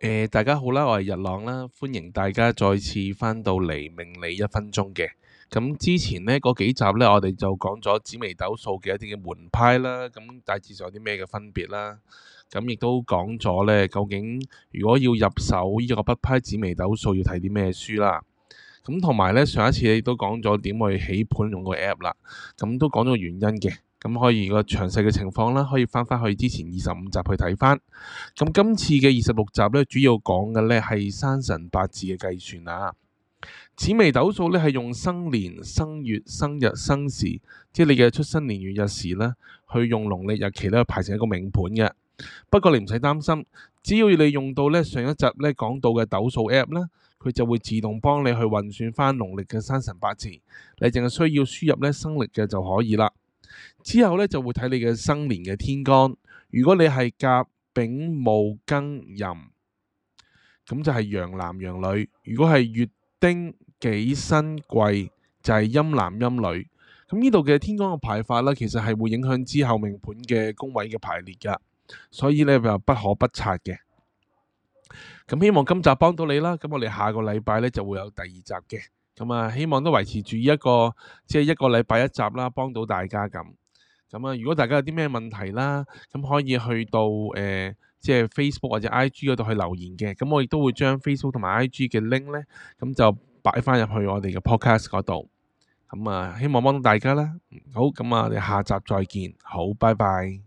誒、呃，大家好啦，我係日朗啦，歡迎大家再次返到黎明理一分鐘嘅。咁之前呢，嗰幾集呢，我哋就講咗紫微斗數嘅一啲嘅門派啦，咁大致上有啲咩嘅分別啦。咁亦都講咗呢，究竟如果要入手呢個北派紫微斗數，要睇啲咩書啦？咁同埋呢，上一次亦都講咗點去起盤用個 app 啦。咁都講咗原因嘅。咁可以個詳細嘅情況啦，可以翻返去之前二十五集去睇翻。咁今次嘅二十六集咧，主要講嘅咧係生辰八字嘅計算啊。紫微斗數咧係用生年、生月、生日、生時，即係你嘅出生年月日時咧，去用農曆日期咧排成一個命盤嘅。不過你唔使擔心，只要你用到咧上一集咧講到嘅斗數 A P P 咧，佢就會自動幫你去運算翻農曆嘅生辰八字，你淨係需要輸入咧生曆嘅就可以啦。之後咧就會睇你嘅生年嘅天干。如果你係甲丙戊庚壬，咁就係陽男陽女；如果係乙丁己辛癸，就係、是、陰男陰女。咁呢度嘅天干嘅排法咧，其實係會影響之後命盤嘅宮位嘅排列噶，所以咧就不可不察嘅。咁希望今集幫到你啦。咁我哋下個禮拜咧就會有第二集嘅。咁啊，希望都維持住一個即係、就是、一個禮拜一集啦，幫到大家咁。咁啊，如果大家有啲咩問題啦，咁可以去到誒、呃，即係 Facebook 或者 IG 嗰度去留言嘅，咁我亦都會將 Facebook 同埋 IG 嘅 link 咧，咁就擺翻入去我哋嘅 podcast 嗰度。咁啊，希望幫到大家啦。好，咁啊，我哋下集再見。好，拜拜。